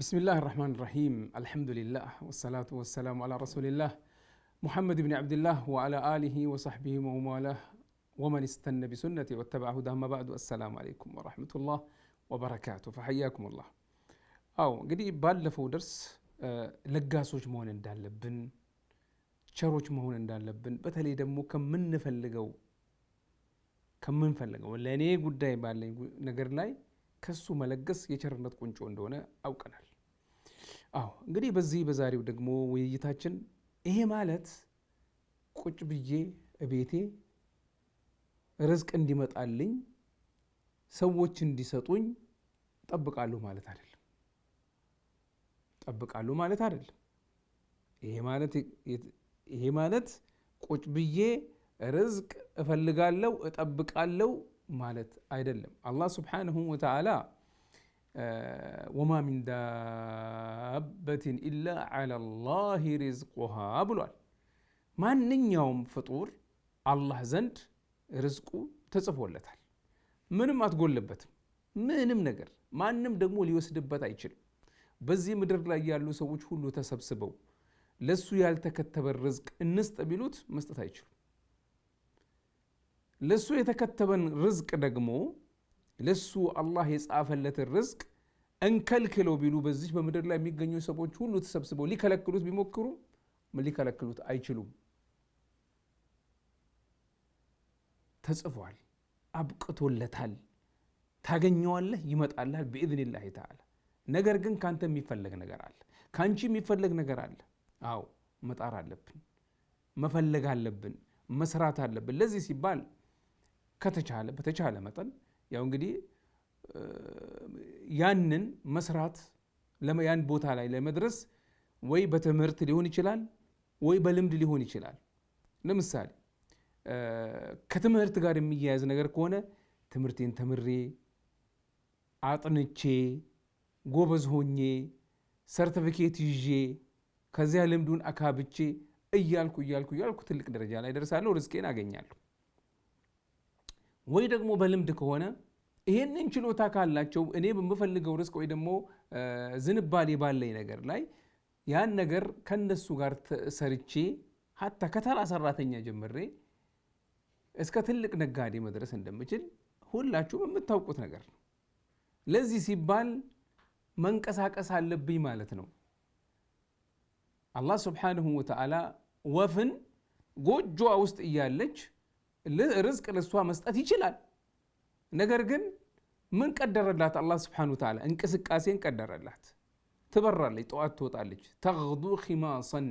بسم الله الرحمن الرحيم الحمد لله والصلاة والسلام على رسول الله محمد بن عبد الله وعلى آله وصحبه وموالاه ومن استنى بسنته واتبع هداه ما بعد السلام عليكم ورحمة الله وبركاته فحياكم الله أو አዎ እንግዲህ ባለፈው ደርስ ለጋሶች መሆን دمو كم من እንዳለብን كم من ከምንፈልገው ከምንፈልገው ለእኔ ጉዳይ ባለኝ ነገር لاي ከሱ መለገስ የቸርነት ቁንጮ እንደሆነ አውቀናል። አዎ እንግዲህ በዚህ በዛሬው ደግሞ ውይይታችን ይሄ ማለት ቁጭ ብዬ እቤቴ ርዝቅ እንዲመጣልኝ ሰዎች እንዲሰጡኝ ጠብቃሉ ማለት አይደለም። ጠብቃሉ ማለት አይደለም። ይሄ ማለት ቁጭ ብዬ ርዝቅ እፈልጋለሁ እጠብቃለሁ ማለት አይደለም። አላህ ስብሓንሁ ወተዓላ ወማ ሚን ዳበትን ኢላ ዓላ ላሂ ሪዝቁሃ ብሏል። ማንኛውም ፍጡር አላህ ዘንድ ርዝቁ ተጽፎለታል። ምንም አትጎልበትም ምንም ነገር ማንም ደግሞ ሊወስድበት አይችልም። በዚህ ምድር ላይ ያሉ ሰዎች ሁሉ ተሰብስበው ለሱ ያልተከተበ ርዝቅ እንስጥ ቢሉት መስጠት አይችሉም። ለሱ የተከተበን ርዝቅ ደግሞ ለሱ አላህ የጻፈለትን ርዝቅ እንከልክለው ቢሉ በዚህ በምድር ላይ የሚገኙ ሰዎች ሁሉ ተሰብስበው ሊከለክሉት ቢሞክሩ ሊከለክሉት አይችሉም። ተጽፏል፣ አብቅቶለታል። ታገኘዋለህ፣ ይመጣልሃል ብኢዝኒላሂ ተዓላ። ነገር ግን ካንተ የሚፈለግ ነገር አለ፣ ከአንቺ የሚፈለግ ነገር አለ። አዎ መጣር አለብን፣ መፈለግ አለብን፣ መስራት አለብን። ለዚህ ሲባል ከተቻለ በተቻለ መጠን ያው እንግዲህ ያንን መስራት ያን ቦታ ላይ ለመድረስ ወይ በትምህርት ሊሆን ይችላል ወይ በልምድ ሊሆን ይችላል። ለምሳሌ ከትምህርት ጋር የሚያያዝ ነገር ከሆነ ትምህርቴን ተምሬ አጥንቼ ጎበዝ ሆኜ ሰርቲፊኬት ይዤ ከዚያ ልምዱን አካብቼ እያልኩ እያልኩ እያልኩ ትልቅ ደረጃ ላይ ደርሳለሁ፣ ርዝቄን አገኛለሁ። ወይ ደግሞ በልምድ ከሆነ ይሄንን ችሎታ ካላቸው እኔ በምፈልገው ርስቅ ወይ ደግሞ ዝንባሌ ባለኝ ነገር ላይ ያን ነገር ከነሱ ጋር ሰርቼ ሀታ ከተራ ሰራተኛ ጀምሬ እስከ ትልቅ ነጋዴ መድረስ እንደምችል ሁላችሁም የምታውቁት ነገር ነው። ለዚህ ሲባል መንቀሳቀስ አለብኝ ማለት ነው። አላህ ሱብሓነሁ ወተዓላ ወፍን ጎጆዋ ውስጥ እያለች ርዝቅ ለእሷ መስጠት ይችላል። ነገር ግን ምን ቀደረላት? አላህ ስብሓነሁ ወተዓላ እንቅስቃሴን ቀደረላት። ትበራለች፣ ጠዋት ትወጣለች። ተግዱ ኪማሰን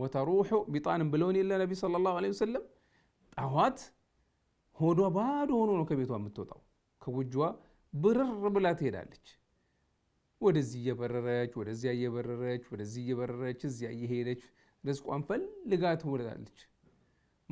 ወተሩሑ ቢጣንን ብለውን የለ ነቢ ሰለላሁ ዐለይሂ ወሰለም። ጠዋት ሆዷ ባዶ ሆኖ ነው ከቤቷ የምትወጣው። ከጎጆዋ ብርር ብላ ትሄዳለች። ወደዚህ እየበረረች ወደዚያ እየበረረች ወደዚህ እየበረረች እዚያ እየሄደች ርዝቋን ፈልጋ ትወጣለች።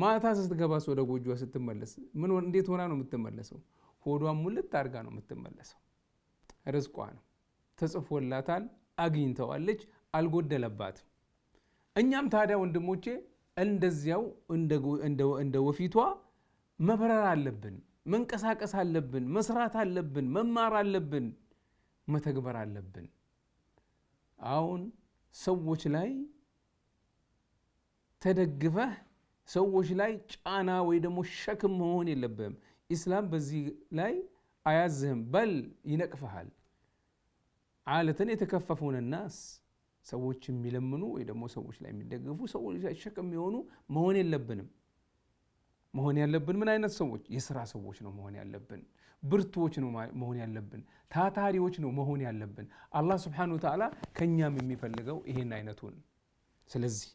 ማታ ስትገባስ ወደ ጎጆዋ ስትመለስ ምን እንዴት ሆና ነው የምትመለሰው? ሆዷን ሙልት አድርጋ ነው የምትመለሰው። ርዝቋ ነው ተጽፎላታል፣ አግኝተዋለች፣ አልጎደለባትም። እኛም ታዲያ ወንድሞቼ እንደዚያው እንደ ወፊቷ መብረር አለብን፣ መንቀሳቀስ አለብን፣ መስራት አለብን፣ መማር አለብን፣ መተግበር አለብን። አሁን ሰዎች ላይ ተደግፈህ ሰዎች ላይ ጫና ወይ ደግሞ ሸክም መሆን የለብህም። ኢስላም በዚህ ላይ አያዝህም፣ በል ይነቅፈሃል። አለተን የተከፈፉን ናስ ሰዎች የሚለምኑ ወይ ደግሞ ሰዎች ላይ የሚደግፉ ሰዎች ላይ ሸክም የሆኑ መሆን የለብንም። መሆን ያለብን ምን አይነት ሰዎች? የስራ ሰዎች ነው መሆን ያለብን። ብርቱዎች ነው መሆን ያለብን። ታታሪዎች ነው መሆን ያለብን። አላህ ስብሓነሁ ወተዓላ ከእኛም የሚፈልገው ይሄን አይነቱን። ስለዚህ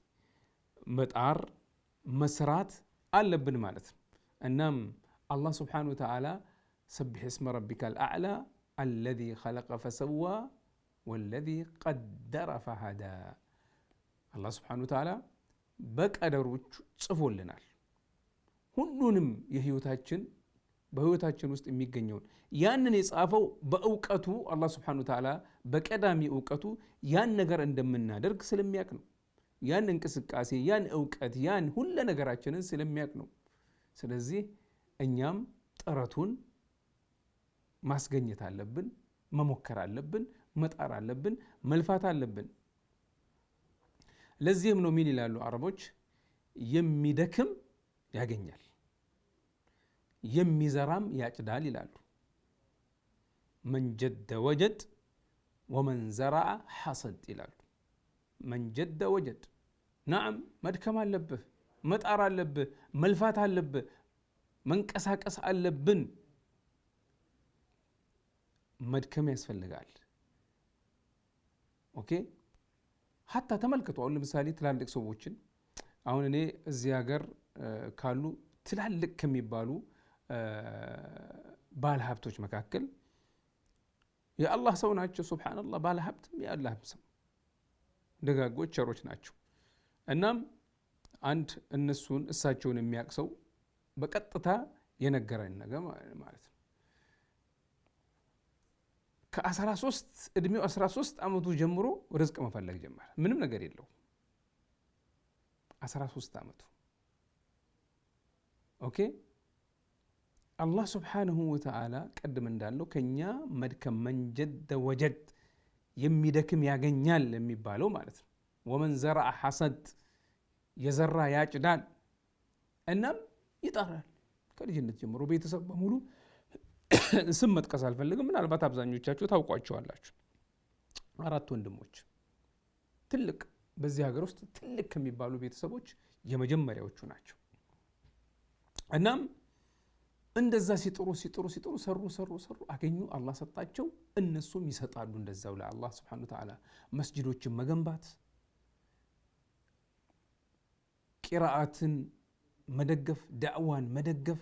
መጣር መስራት አለብን ማለት ነው። እናም አላህ ስብሓነሁ ወተዓላ ሰቢሕ እስመ ረቢከ ልአዕላ አለዚ ኸለቀ ፈሰዋ ወለዚ ቀደረ ፈሃዳ አላህ ስብሓነሁ ወተዓላ በቀደሮቹ ጽፎልናል። ሁሉንም የህይወታችን በህይወታችን ውስጥ የሚገኘውን ያንን የጻፈው በእውቀቱ አላህ ስብሓነሁ ወተዓላ በቀዳሚ እውቀቱ ያን ነገር እንደምናደርግ ስለሚያውቅ ነው። ያን እንቅስቃሴ፣ ያን እውቀት፣ ያን ሁለ ነገራችንን ስለሚያውቅ ነው። ስለዚህ እኛም ጥረቱን ማስገኘት አለብን፣ መሞከር አለብን፣ መጣር አለብን፣ መልፋት አለብን። ለዚህም ነው ምን ይላሉ አረቦች፣ የሚደክም ያገኛል የሚዘራም ያጭዳል ይላሉ። መንጀደ ወጀድ ወመን ዘራአ ሐሰድ ይላሉ። መንጀደ ወጀድ ናም መድከም አለብህ፣ መጣር አለብህ፣ መልፋት አለብህ፣ መንቀሳቀስ አለብን። መድከም ያስፈልጋል። ኦኬ ሀታ ተመልከቱ። አሁን ለምሳሌ ትላልቅ ሰዎችን አሁን እኔ እዚህ ሀገር ካሉ ትላልቅ ከሚባሉ ባለ ሀብቶች መካከል የአላህ ሰው ናቸው። ሱብሓነላህ ባለ ሀብትም የአላህም ሰው ደጋጎች ቸሮች ናቸው። እናም አንድ እነሱን እሳቸውን የሚያቅሰው በቀጥታ የነገረኝ ነገር ማለት ነው። ከ13 እድሜው 13 አመቱ ጀምሮ ርዝቅ መፈለግ ጀመረ። ምንም ነገር የለውም። 13 ዓመቱ ኦኬ። አላህ ስብሓንሁ ወተዓላ ቀድም እንዳለው ከእኛ መድከም መንጀደ ወጀድ የሚደክም ያገኛል የሚባለው ማለት ነው። ወመን ዘረአ ሐሰድ የዘራ ያጭዳል፣ እናም ይጠራል። ከልጅነት ጀምሮ ቤተሰብ በሙሉ ስም መጥቀስ አልፈልግም። ምናልባት አብዛኞቻችሁ ታውቋቸዋላችሁ። አራት ወንድሞች ትልቅ በዚህ ሀገር ውስጥ ትልቅ ከሚባሉ ቤተሰቦች የመጀመሪያዎቹ ናቸው። እናም እንደዛ ሲጥሩ ሲጥሩ ሲጥሩ ሰሩ ሰሩ ሰሩ አገኙ፣ አላህ ሰጣቸው። እነሱም ይሰጣሉ እንደዛው ለአላህ ስብሐነሁ ወተዓላ መስጅዶችን መገንባት ቂራአትን መደገፍ፣ ዳዕዋን መደገፍ፣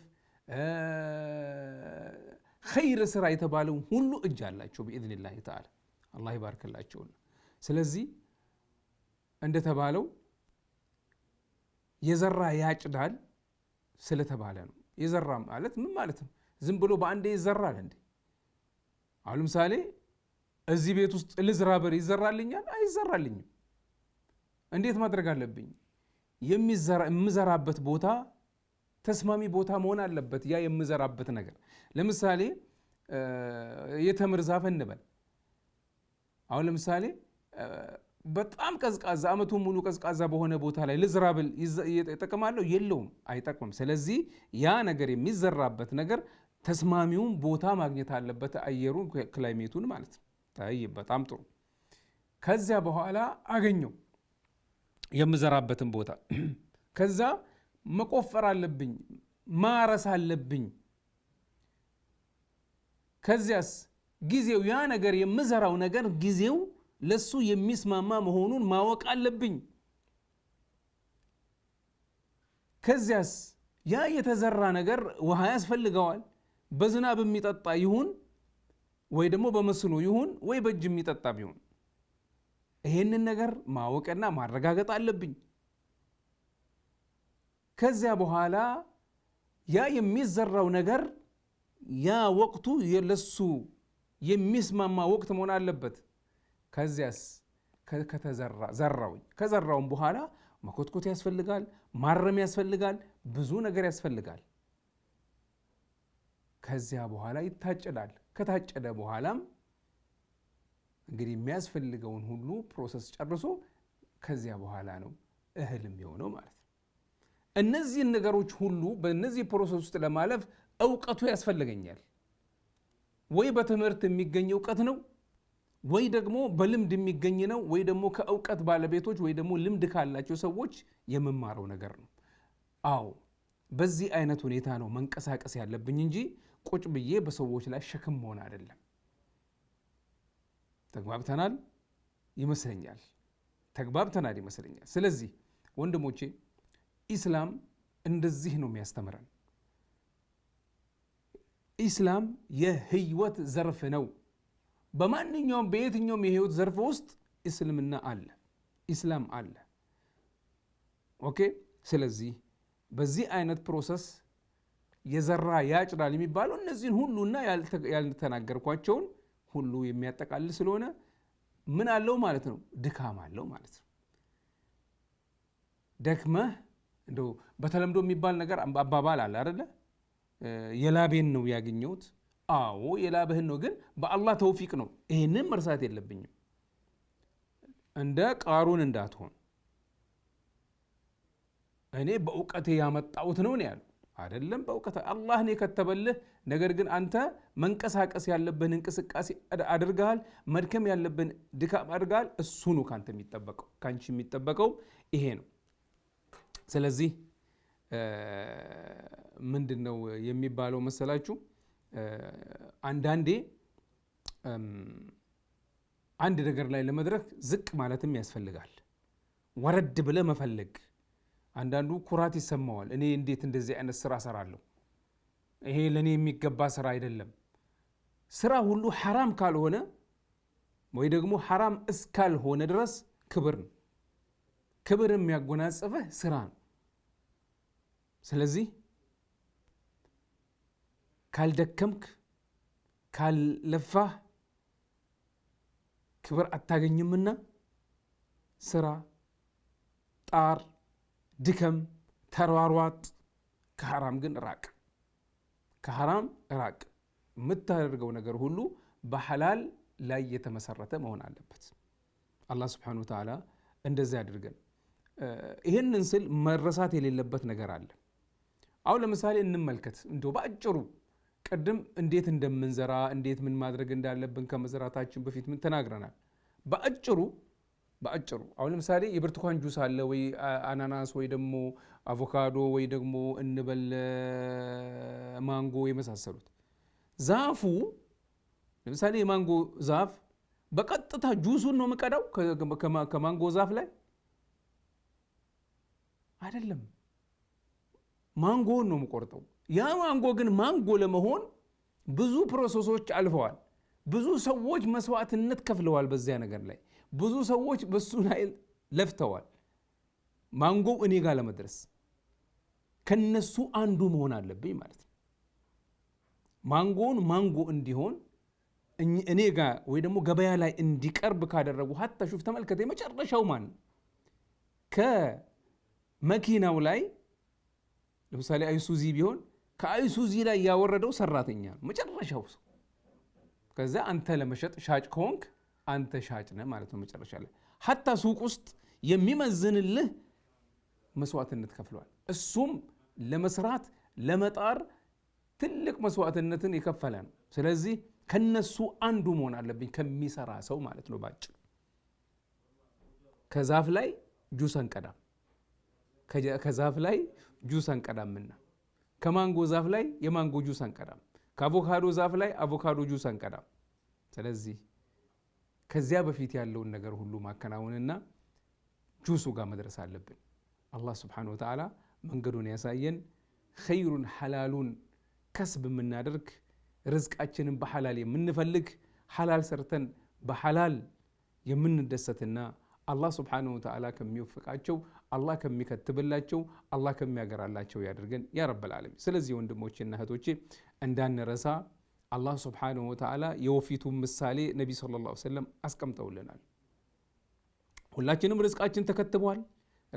ኸይር ስራ የተባለው ሁሉ እጅ አላቸው ብኢዝኒላህ ተዓላ አላህ ይባርክላቸውና ስለዚህ እንደተባለው የዘራ ያጭዳል ስለተባለ ነው። የዘራ ማለት ምን ማለት ነው? ዝም ብሎ በአንዴ ይዘራል እንዴ? አሁን ለምሳሌ እዚህ ቤት ውስጥ ልዝራ በር ይዘራልኛል? አይዘራልኝም። እንዴት ማድረግ አለብኝ? የምዘራበት ቦታ ተስማሚ ቦታ መሆን አለበት። ያ የምዘራበት ነገር ለምሳሌ የተምር ዛፍ እንበል። አሁን ለምሳሌ በጣም ቀዝቃዛ ዓመቱን ሙሉ ቀዝቃዛ በሆነ ቦታ ላይ ልዝራ ብል ይጠቅማለሁ? የለውም፣ አይጠቅምም። ስለዚህ ያ ነገር የሚዘራበት ነገር ተስማሚውን ቦታ ማግኘት አለበት፣ አየሩን ክላይሜቱን ማለት ነው። በጣም ጥሩ። ከዚያ በኋላ አገኘው የምዘራበትን ቦታ ከዛ መቆፈር አለብኝ፣ ማረስ አለብኝ። ከዚያስ ጊዜው ያ ነገር የምዘራው ነገር ጊዜው ለሱ የሚስማማ መሆኑን ማወቅ አለብኝ። ከዚያስ ያ የተዘራ ነገር ውሃ ያስፈልገዋል። በዝናብ የሚጠጣ ይሁን ወይ ደግሞ በመስኖ ይሁን ወይ በእጅ የሚጠጣ ቢሆን ይሄንን ነገር ማወቅና ማረጋገጥ አለብኝ። ከዚያ በኋላ ያ የሚዘራው ነገር ያ ወቅቱ ለሱ የሚስማማ ወቅት መሆን አለበት። ከዚያስ ከተዘራ ዘራውኝ ከዘራውም በኋላ መኮትኮት ያስፈልጋል፣ ማረም ያስፈልጋል፣ ብዙ ነገር ያስፈልጋል። ከዚያ በኋላ ይታጨዳል። ከታጨደ በኋላም እንግዲህ የሚያስፈልገውን ሁሉ ፕሮሰስ ጨርሶ ከዚያ በኋላ ነው እህል የሚሆነው ማለት ነው። እነዚህን ነገሮች ሁሉ በእነዚህ ፕሮሰስ ውስጥ ለማለፍ እውቀቱ ያስፈልገኛል። ወይ በትምህርት የሚገኝ እውቀት ነው፣ ወይ ደግሞ በልምድ የሚገኝ ነው፣ ወይ ደግሞ ከእውቀት ባለቤቶች ወይ ደግሞ ልምድ ካላቸው ሰዎች የምማረው ነገር ነው። አዎ በዚህ አይነት ሁኔታ ነው መንቀሳቀስ ያለብኝ እንጂ ቁጭ ብዬ በሰዎች ላይ ሸክም መሆን አይደለም። ተግባብተናል ይመስለኛል ተግባብተናል ይመስለኛል። ስለዚህ ወንድሞቼ ኢስላም እንደዚህ ነው የሚያስተምረን። ኢስላም የህይወት ዘርፍ ነው። በማንኛውም በየትኛውም የህይወት ዘርፍ ውስጥ እስልምና አለ፣ ኢስላም አለ። ኦኬ። ስለዚህ በዚህ አይነት ፕሮሰስ የዘራ ያጭዳል የሚባለው እነዚህን ሁሉና ያልተናገርኳቸውን ሁሉ የሚያጠቃልል ስለሆነ ምን አለው ማለት ነው? ድካም አለው ማለት ነው። ደክመህ እንደው በተለምዶ የሚባል ነገር አባባል አለ አይደለ? የላቤን ነው ያገኘሁት። አዎ የላብህን ነው፣ ግን በአላህ ተውፊቅ ነው። ይህንም መርሳት የለብኝም። እንደ ቃሩን እንዳትሆን እኔ በእውቀቴ ያመጣሁት ነው ነው ያሉ አይደለም በእውቀት አላህ ነው የከተበልህ። ነገር ግን አንተ መንቀሳቀስ ያለብህን እንቅስቃሴ አድርገሃል፣ መድከም ያለብህን ድካም አድርገሃል። እሱ ነው ከአንተ የሚጠበቀው፣ ከአንቺ የሚጠበቀው ይሄ ነው። ስለዚህ ምንድን ነው የሚባለው መሰላችሁ? አንዳንዴ አንድ ነገር ላይ ለመድረክ ዝቅ ማለትም ያስፈልጋል። ወረድ ብለህ መፈለግ አንዳንዱ ኩራት ይሰማዋል። እኔ እንዴት እንደዚህ አይነት ስራ ሰራለሁ? ይሄ ለእኔ የሚገባ ስራ አይደለም። ስራ ሁሉ ሐራም ካልሆነ ወይ ደግሞ ሐራም እስካልሆነ ድረስ ክብር ነው። ክብር የሚያጎናጽፈህ ስራ ነው። ስለዚህ ካልደከምክ፣ ካልለፋህ ክብር አታገኝምና ስራ ጣር ድከም፣ ተሯሯጥ። ከሐራም ግን ራቅ፣ ከሐራም ራቅ። የምታደርገው ነገር ሁሉ በሐላል ላይ የተመሰረተ መሆን አለበት። አላህ ስብሐነሁ ወተዓላ እንደዚህ አድርገን። ይህንን ስል መረሳት የሌለበት ነገር አለ። አሁን ለምሳሌ እንመልከት እንዲሁ በአጭሩ ቅድም እንዴት እንደምንዘራ እንዴት ምን ማድረግ እንዳለብን ከመዘራታችን በፊት ምን ተናግረናል በአጭሩ በአጭሩ አሁን ለምሳሌ የብርቱካን ጁስ አለ ወይ አናናስ ወይ ደግሞ አቮካዶ ወይ ደግሞ እንበል ማንጎ የመሳሰሉት ዛፉ ለምሳሌ የማንጎ ዛፍ በቀጥታ ጁሱን ነው የምቀዳው ከማንጎ ዛፍ ላይ አይደለም፣ ማንጎውን ነው የምቆርጠው። ያ ማንጎ ግን ማንጎ ለመሆን ብዙ ፕሮሰሶች አልፈዋል። ብዙ ሰዎች መስዋዕትነት ከፍለዋል በዚያ ነገር ላይ ብዙ ሰዎች በሱ ላይ ለፍተዋል። ማንጎው እኔ ጋር ለመድረስ ከነሱ አንዱ መሆን አለብኝ ማለት ነው። ማንጎውን ማንጎ እንዲሆን እኔ ጋር ወይ ደግሞ ገበያ ላይ እንዲቀርብ ካደረጉ ሀታ ሹፍ ተመልከተ፣ የመጨረሻው ማን ከመኪናው ላይ ለምሳሌ አይሱዚ ቢሆን ከአይሱዚ ላይ ያወረደው ሰራተኛ ነው መጨረሻው ሰው። ከዛ አንተ ለመሸጥ ሻጭ ከሆንክ አንተ ሻጭ ነህ ማለት ነው። መጨረሻ ላይ ሀታ ሱቅ ውስጥ የሚመዝንልህ መስዋዕትነት ከፍሏል እሱም ለመስራት ለመጣር ትልቅ መስዋዕትነትን የከፈለ ነው። ስለዚህ ከነሱ አንዱ መሆን አለብኝ ከሚሰራ ሰው ማለት ነው። ባጭ ከዛፍ ላይ ጁስ አንቀዳም፣ ከዛፍ ላይ ጁስ አንቀዳምና ከማንጎ ዛፍ ላይ የማንጎ ጁስ አንቀዳም፣ ከአቮካዶ ዛፍ ላይ አቮካዶ ጁስ አንቀዳም። ስለዚህ ከዚያ በፊት ያለውን ነገር ሁሉ ማከናወንና ጁሱ ጋር መድረስ አለብን። አላህ ስብሓነሁ ወተዓላ መንገዱን ያሳየን። ኸይሩን ሐላሉን ከስብ የምናደርግ ርዝቃችንን በሐላል የምንፈልግ ሐላል ሰርተን በሐላል የምንደሰትና አላህ ስብሓነሁ ወተዓላ ከሚወፍቃቸው አላህ ከሚከትብላቸው አላህ ከሚያገራላቸው ያደርገን ያ ረበል ዓለሚን። ስለዚህ ወንድሞቼና እህቶቼ እንዳንረሳ አላህ ስብሓነሁ ወተዓላ የወፊቱን ምሳሌ ነቢ ሰለላሁ ዐለይሂ ወሰለም አስቀምጠውልናል። ሁላችንም ርዝቃችን ተከትቧል።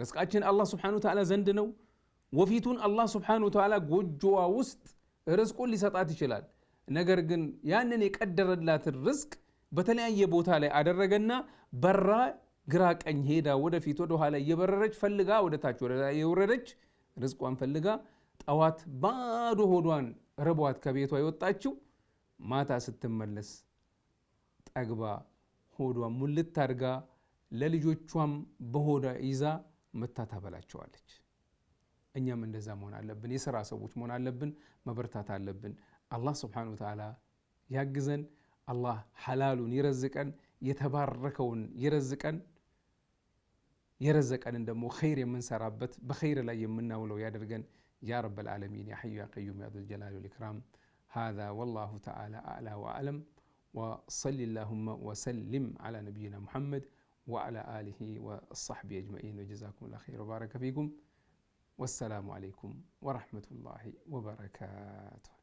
ርዝቃችን አላህ ስብሓነሁ ወተዓላ ዘንድ ነው። ወፊቱን አላህ ስብሓነሁ ወተዓላ ጎጆዋ ውስጥ ርዝቁን ሊሰጣት ይችላል። ነገር ግን ያንን የቀደረላትን ርዝቅ በተለያየ ቦታ ላይ አደረገና በራ ግራ ቀኝ ሄዳ ወደፊት ወደኋላ እየበረረች ፈልጋ ወደታች ወደላይ የወረደች ርዝቋን ፈልጋ ጠዋት ባዶ ሆዷን ርቧት ከቤቷ የወጣችው ማታ ስትመለስ ጠግባ ሆዷ ሙልት አድርጋ ለልጆቿም በሆዷ ይዛ መታ ታበላቸዋለች። እኛም እንደዛ መሆን አለብን። የስራ ሰዎች መሆን አለብን። መበርታት አለብን። አላህ ስብሓነሁ ወተዓላ ያግዘን። አላህ ሐላሉን ይረዝቀን፣ የተባረከውን ይረዝቀን። የረዘቀንን ደግሞ ኸይር የምንሰራበት በኸይር ላይ የምናውለው ያደርገን። ያ ረብ ልዓለሚን ያ ሐዩ ያ ቀዩም ያ ዘልጀላሊ ወል ኢክራም هذا والله تعالى أعلى وأعلم وصل اللهم وسلم على نبينا محمد وعلى آله وصحبه أجمعين وجزاكم الله خير وبارك فيكم والسلام عليكم ورحمة الله وبركاته